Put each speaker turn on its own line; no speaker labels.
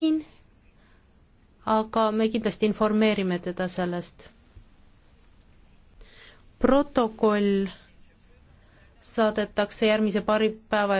siin, aga me kindlasti informeerime teda sellest. protokoll saadetakse
järgmise paari päeva